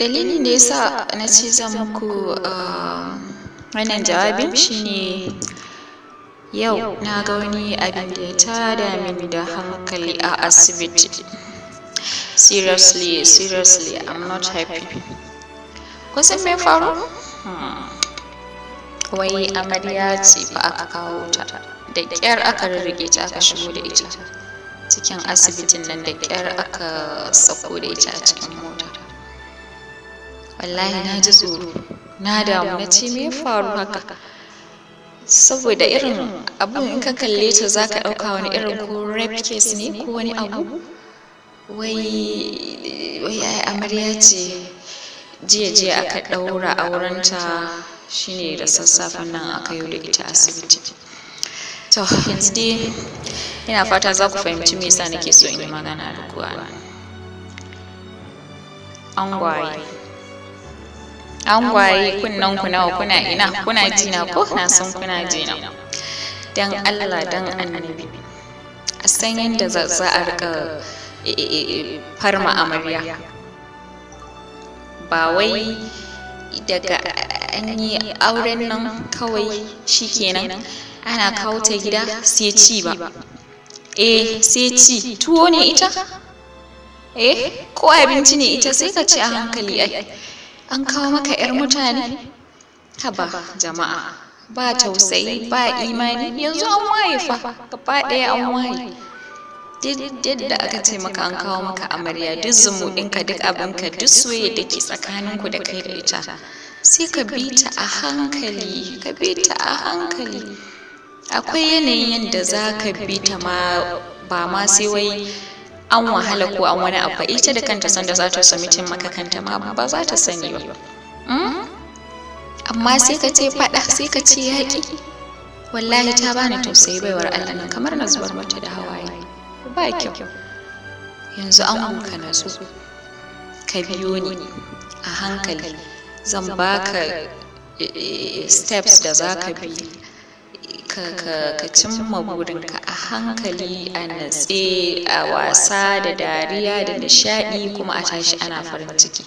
dalilin da yasa na ce zan muku um, wannan jawabin shine yau na ga wani abin da ya tada mini da hankali a asibiti seriously seriously i'm not happy kusan mai faru hmm. wai amarya ce ba aka kawo ta da kyar aka rarrage ta aka shigo da ita cikin asibitin nan da kyar aka sako da ita a cikin mota wallahi na ji tsoro na damu na ce me ya faru haka saboda irin abun in ka kalle ta za ka ɗauka wani irin ko rap case ne ko wani abu wai yi amarya ce jiya jiya aka ɗaura aurenta shine da sassafen nan aka yi ita asibiti to yanzu dai ina fata za ku fahimci me yasa nake so in yi magana da kuwa. an gwaye an waye kunnan ku nawa kuna ina kuna na ko na san kuna na dan Allah dan annabi a san yadda za a rika farma amarya ba wai daga an yi auren nan kawai shikenan ana kawo ta gida sai ci ba eh, eh sai ci tuwo ne ita eh, eh ko abinci ne ita sai ka ci a hankali ai an kawo maka 'yar mutane haba jama'a ba tausayi ba imani yanzu an waye fa gaba ɗaya an waye yadda aka ce maka an kawo maka amarya duk dinka duk abinka duk soyayya da ke tsakaninku da kai da ita sai ka bi ta a hankali ka bi ta a hankali akwai yanayin yadda za ka bi ta ma ba ma sai wai an wahala ko an wani abu ita da kanta sanda za ta sami cin maka kanta ma ba za ta sani ba hmm? amma sai ka ce faɗa sai ka ce yaƙi wallahi ta bani tausayi baiwar allah nan kamar na zubar mata da hawaye ba kyau yanzu an ka na ka biyo ni a hankali zan baka eh, steps da za ka bi ka cimma burinka a hankali a natse a wasa da dariya da nishadi kuma a tashi ana farin ciki